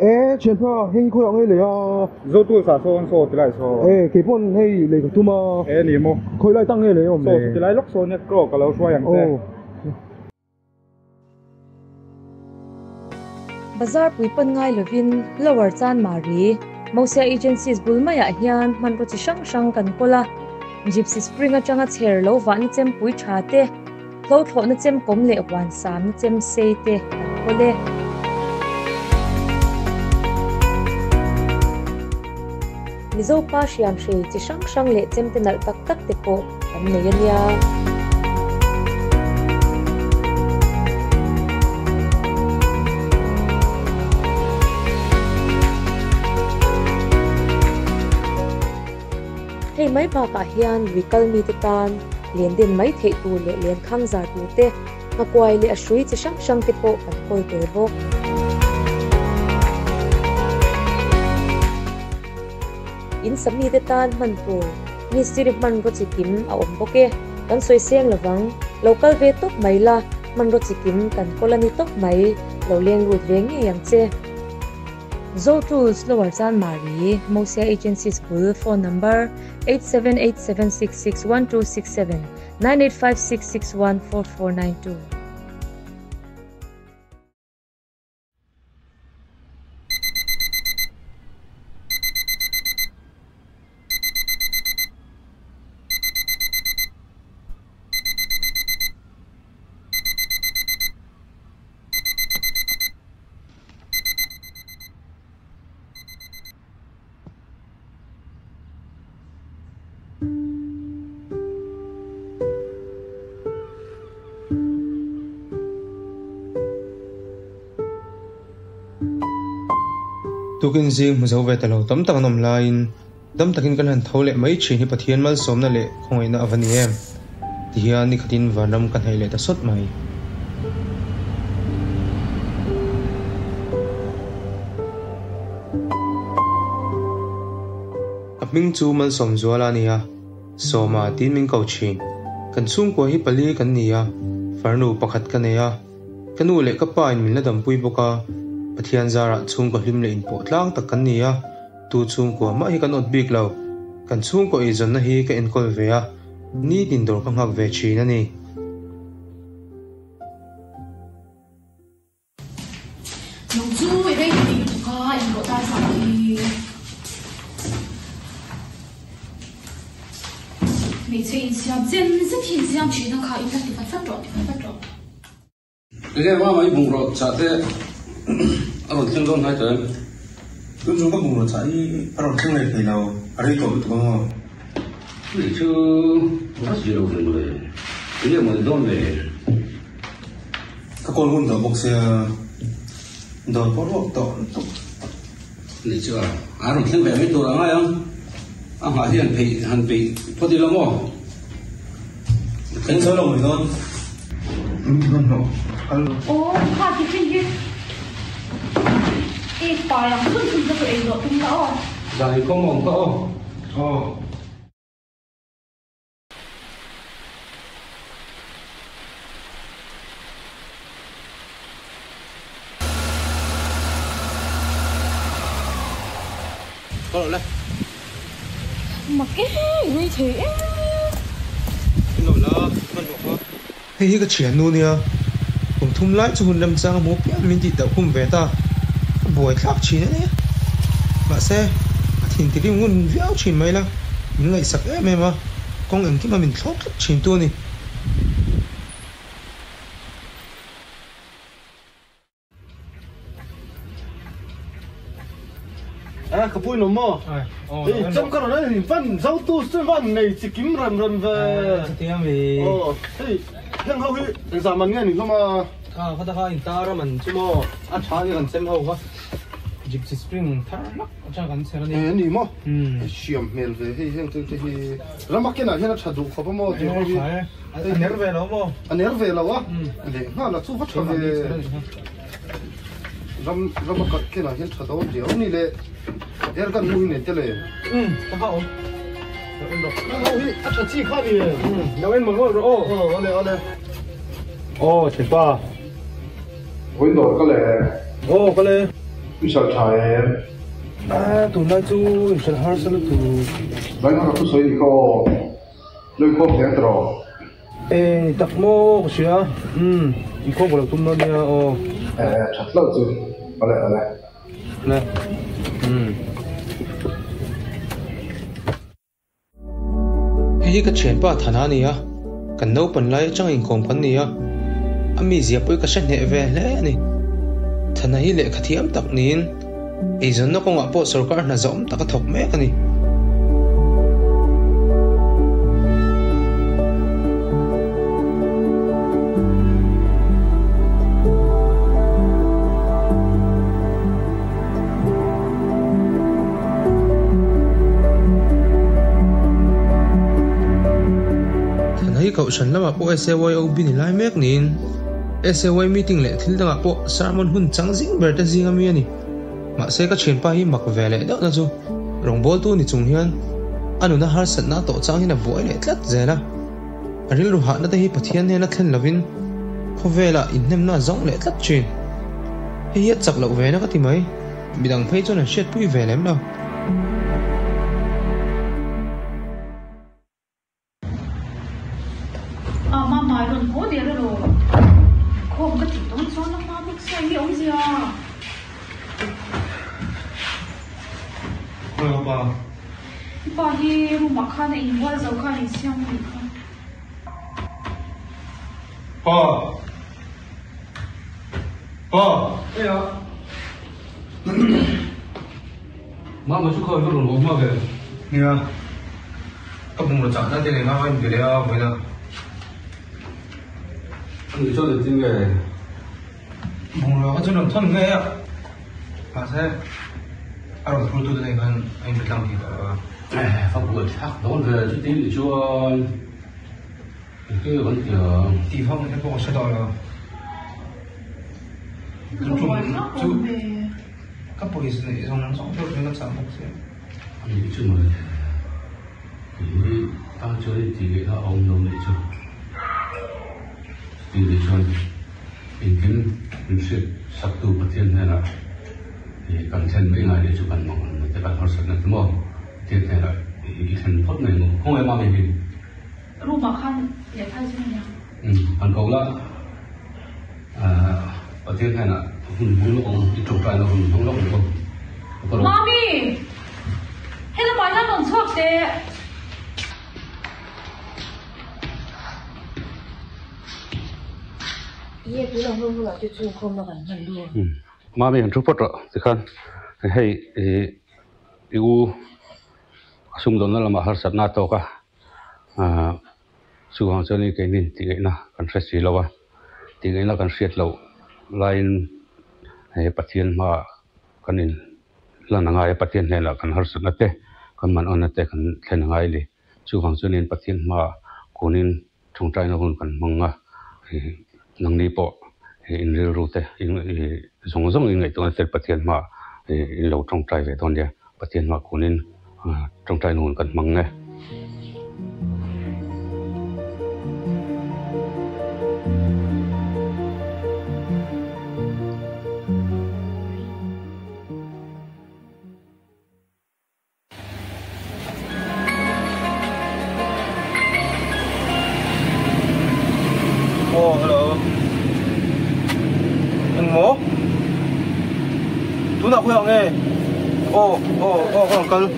에 젠파 행코형 해래요 조투 사소원 소 드라이소 에 기본 헤이 레고 투마 에 니모 거의 땅 해래요 소 드라이 럭소네 거 갈로 소양 때 bazar pui pan ngai lovin lower chan mari mosia agencies bulmaya hian man ro chi sang sang kan kola gypsy spring atanga chher lo wa ni chem pui tha te thlo thlo na chem kom le wan sam ni chem sei te kan kole mizo pa siam shi chi sang sang le chem te nal tak tak te po an nei ania hei mai pa pa hian wikal mi te tan lian din mai thei tu le lian khang zar tu te ngakwai le ashui chi sang sang te po kan koi te bok in sắm hi tan man pu ni siri man ro chi kim a om boke kan soi siang lawang local ve tok mai la man ro chi kim kan kolani tok mai lo leng rut ve nge yang che zo tools lo war chan mari mosia agency school phone number 8787661267 9856614492 tukin zing mu zo ve ta lo tam tak nom lain dam takin kan han tho le mai chi ni pathian mal som na le khong na avani em ti hian tin khatin nằm kan hei lệ ta sot mai ming chu man som zua la nia soma tin ming ko chin kan chung ko hi pali kan nia farnu pakhat kan nia kanu le ka pain min la dam pui boka bất zara chung ko hlim của in pawh tlang lang kan ni a tu chung ko ma hi kan ot bik lâu kan chung của izon na hi ka in kol ve a ni din dor ka ngak ve chin ani nong chu we dei ti tu ka in lo ta sa ni mi che in siam zen zen hin siam chi na ka phát ta ti pat pat ro ti pat pat ro le ma mai bung à một thiên công hai tới cứ chúng bắt cùng một trái bắt đầu thiên này thì nào ở đây tổ tụi con không để chứ rất nhiều người cái điều mà don về các con hôn đó bốc xe đó có lúc đó để chưa à rồi thiên về mấy tổ lắm ai không à hả thì hành vị hành vị thoát lắm không cánh sớm lòng rồi con 嗯，好，好。哦，话题这些。이 바람 큰 진짜 이거 좀 나와. 나 이거 먹어. 어. Con lên Mà cái như thế Con lên, con lên Thế cái chuyện luôn nha Cũng thung lại cho hồn năm sao bố bé mình chỉ tạo không về ta buổi khóc chín đấy bà xe thì thì đi muốn véo chín mấy là những ngày sập em em mà, con ứng khi mà mình khóc chín tôi à, này à cái bụi nó mò trong cái đó thì phân rau tu sư văn này chỉ kiếm rầm rầm về à, thì em về ờ, thì thằng hậu hi giờ ờ, mình nghe thì không mà à phát ra hình ta ra mình chứ mò ăn cháo thì còn xem hậu quá gypsy spring thar lak cha kan sera ni ni mo shiam mel ve he he te te he rama ke na he na thadu khop mo te ho hi a ner ve lo mo a ner ve lo wa le na la chu va thave ram ram ka ke na he thado je o ni le er kan nu ne te le um ta ha o a cha chi kha ni lo en mo ro o o le o le o che pa window ka le o ka le Bây giờ trời À, tụi nó chú sẽ hơi sao tụi Lấy nó là tụi xoay đi cô Lấy cô phải trò Ê, tập mô của chị á Ừ, đi ờ, ờ. à Ồ Ê, chặt lâu chứ Ở lại, ở Nè Ừ cái chuyện bà thả nà nì á Cần nấu bẩn lấy trong hình cổng bắn nì á Ami dẹp cái sách nhẹ về lẽ nì thana hi lệ khát nín khathiam tak nin ei zon na kong apo sarkar na zom tak thok me kani cậu sẵn lắm mà bố ai xe quay ông bin lại mét nín SAY meeting lệ thil daga po sermon hun chang jing bởi ta jing ami ani ma se ka chen pa hi mak ve lệ đó na chu Rồng bol tu ni chung hian anu na har sat na to chang là vội lệ thật tlat zena aril ru ha na ta hi pathian ne na thlen lovin kho về là in nem na giọng lệ thật chin hi yat chak lo ve na ka bị đằng bidang cho chon shet pui về lem đâu. 我看的影外走看影像里看。爸，爸，哎呀，妈妈去看一个龙妈呗。你看，他不长那点脸，他问你了，回来。你说的真个，我说他真能吞个呀，反正，俺们普通的那个，俺们当地的。pháp luật khác đón về chút tính thì chưa cái vấn đề thì không cái bộ sẽ đòi là chúng chúng các police này dòng nắng sóng thôi nên làm sao không sẽ những trường hợp thì ta chơi thì cái họ ông đồng để chơi thì để chơi thì kiến mình sẽ sắp tu một thiên hay là thì cần xem mấy ngày để chụp ảnh mọi người cho bắt học sinh nằm đúng không 되잖아요. 이 전포는 뭐 공의 마음이 비. 로마한 예타지냐. 음, 한국라 아, 어떻게 하나 물론 이쪽 가는 건 물론 물론. 마미. 해는 말하는 건 수학대. 이해 불안 불안 저 지금 건너가는 건 음. 마음이 안 좋았죠. 지금 헤이 이 이거 sung don la ma har sat na to ka a chu hang chani ke nin ti na kan hre si lawa ti ngai na kan hriat lo lain he pathian ma kanin lan ngai pathian he la kan har sat na te kan man on na te kan thlen ngai li chu hang chunin pathian ma kunin thung tai na hun kan manga nang ni po à. in ril ru te in zong zong in ngai to na te pathian ma in lo thung tai ve ton ya pathian ma kunin Ờ, trong trai nồn cần măng nghe Tú nào khuya nghe Ồ, ồ, ồ, con cần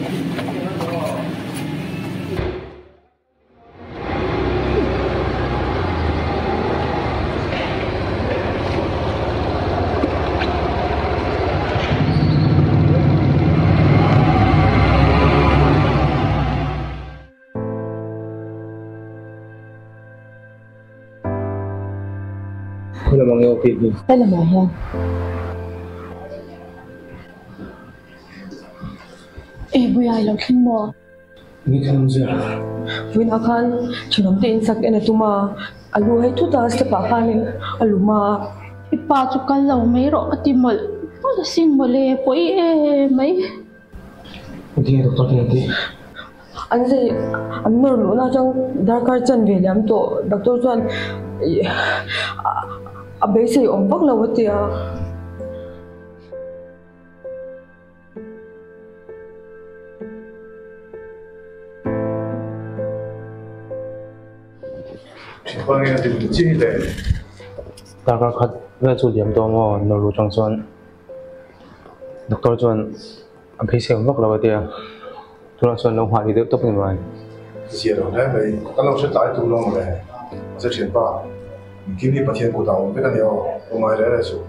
sakit ni. Alamak ya. Eh, buaya ayaw kin mo. Ni kan mo siya. Win akan, chunam tiin sak ina tu ma. Alu hai tu dah setakat pakanin. Alu ma, Ipa tu kalau mai ro ati mal. Palasin mo le, po eh, may. Hindi nga doktor ni? ati. Anze, ang meron mo na siyang darkar chan, William, doktor tuan. 아 매실이 엄박라 어디야 방에 지금 찜이래 다가 가가지고 염도모 너로 정선 덕돌전 매실이 엄박라 어디야 돌아선 너무 화이 돼 떡분이 많이 解了，那没，刚才我是打一毒龙嘞，我在前吧。give me patient ko taw be kan yo ko mai re re su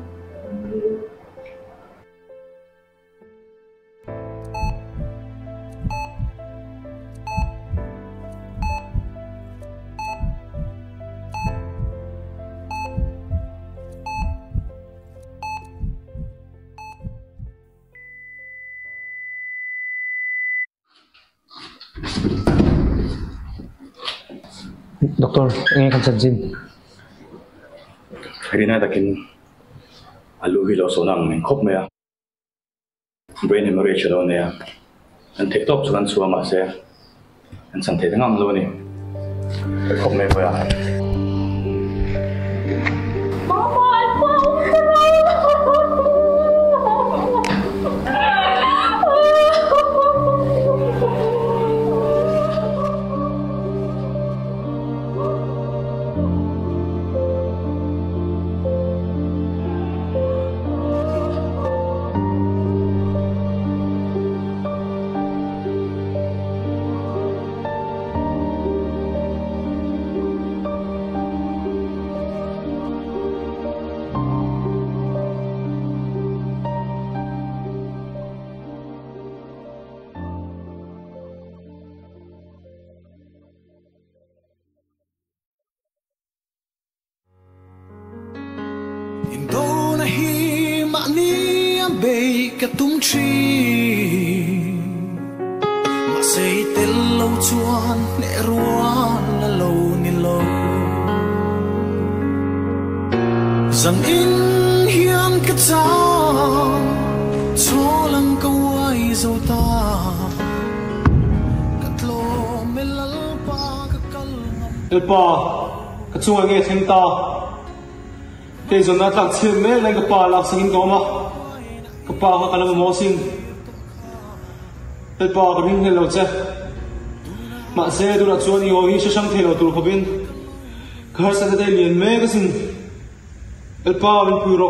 Doktor, ingin kan sajin. 그린에 닦인 알루기로 소남 맹컵 메야 브레인 헤머레이션 오네야 안 틱톡 수간 수와 마세 안 상태 등암 로니 컵 메고야 tung mà xây lâu lâu lâu cho nè là rằng lăng ai ta 嘅冬至，马西的路转，你若那路你路，人因乡嘅站，错能够为做大。El pa, kacunga nghe thanh ta. Kay zon nó tak chim me lang cái pa lak singin ko mà Kapaka ka lang mosin. El pa kami ng helot sa. Ma se du la chuan i hohi sa sang thelo tur khobin. Khar sa te lien me ka sin. El pa min puro.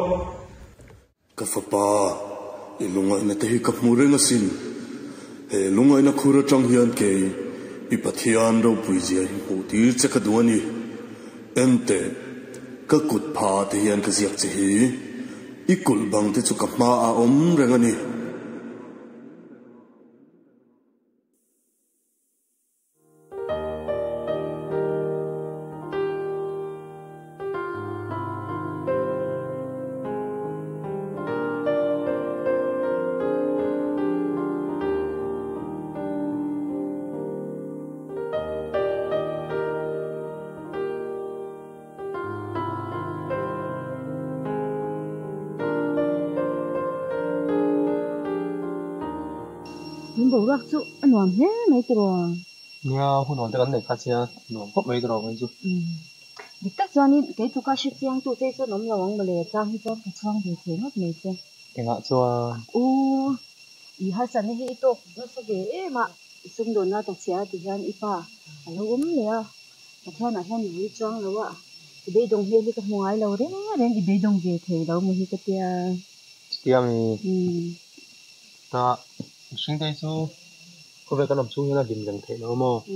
Ka fa pa ilunga na te hi kap mure nga sin. He lunga na khura chang hian ke i pathian ro puizia hi po tir che ka duani. Ente ka kut pha te hian ka ziak che hi. ikul bang te chu ka ma a om rengani đồ lắc chú anh hoàng thế mấy cái rồi nha hôm nọ tôi gắn để khách xe nó có mấy cái rồi chứ bị tắt cho nên cái chú ca sĩ tiếng tụ thế cho nó là hoàng mà lệ trang hết cho cái trang để thế hết mấy chứ cái ngã cho u ý hai sản này hết tục nó sẽ ghế mà xung đột nó tộc xe thì gan ipa à lâu ốm nè mà theo là theo nhiều trang lâu ạ thì Đông đồng đi cái ai lâu đấy đấy thì bây đồng về thế đâu mà hết cái tia tia mình ta sinh tây su có vẻ cái nằm xuống là điểm gần thế nó mò ừ.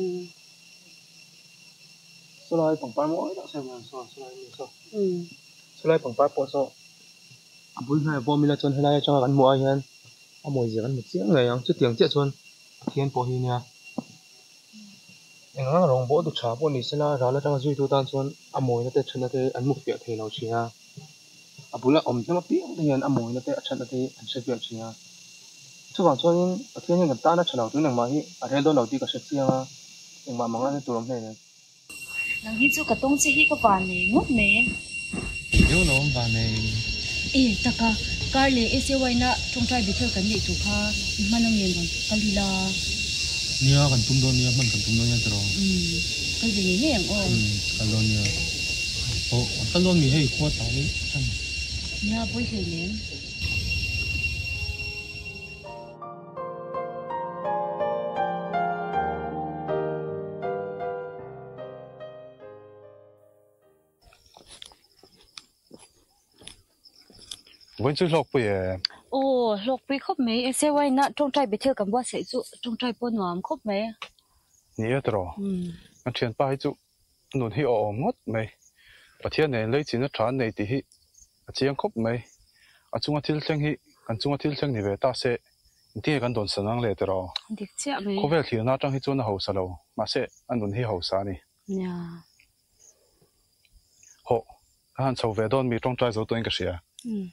sau đó bằng ba mỗi đã xem là sao sau đó mình sao sau đó bằng ba bộ sao à bún này vô mình là chôn hay là cho gắn mồi hen à mồi gì gắn một tiếng này không chút tiếng chết chôn thiên bộ hi nha anh à. nói rằng bố tụt cháo bố này sẽ là ra là trong duy tu tan chôn à mồi nó tết chân à. À, là thế ăn mục việc thế nào chứ ha à bún là ôm thế mà tiếng thì anh à mồi nó tết chân là thế ăn việc chứ ha chu bang chuan in a thian in ta na chalo tu nang ma hi a rel do lo ti ka se chianga eng ma anh tu rom nei nang hi chu ka tong chi hi ka pa ne ngot me yo lo ba này. e ta ka kar le e se vay na thong trai bi thel kan ni tu pha, ma nang ngel bang ka li la nia kan tum do nia man kan tum do nia tro um ka ji ne ang o ka lo nia o ka lo mi hei ko ta Nha, nia boi hei วันจุลกปุยเออโอ้ลกปุยครบไหมเซววยนะตรงใจไปเที่ยวกันว่าเสียจุตรงใจปนหวามครบไหมนี่เอตรอมันเชียนไปจุหนุนให้ออกงดไหมประเทศไหนเลยจีนฐานในที่ฮิอาจียงครบไหมอาจุงอาทิลเซงฮิอันจุงอาทิลเซงนี่เวตาเซที่กันโดนสนังเลยตรอเด็กเจ้าไหมคขาเวลที่น่าจังให้จวนหัวสลาวมาเซอันหนุนให้หูวสานี่เนี่ยโหอาหารชาวเวดอนมีตรงใจุดตัวเองก็เสียอืม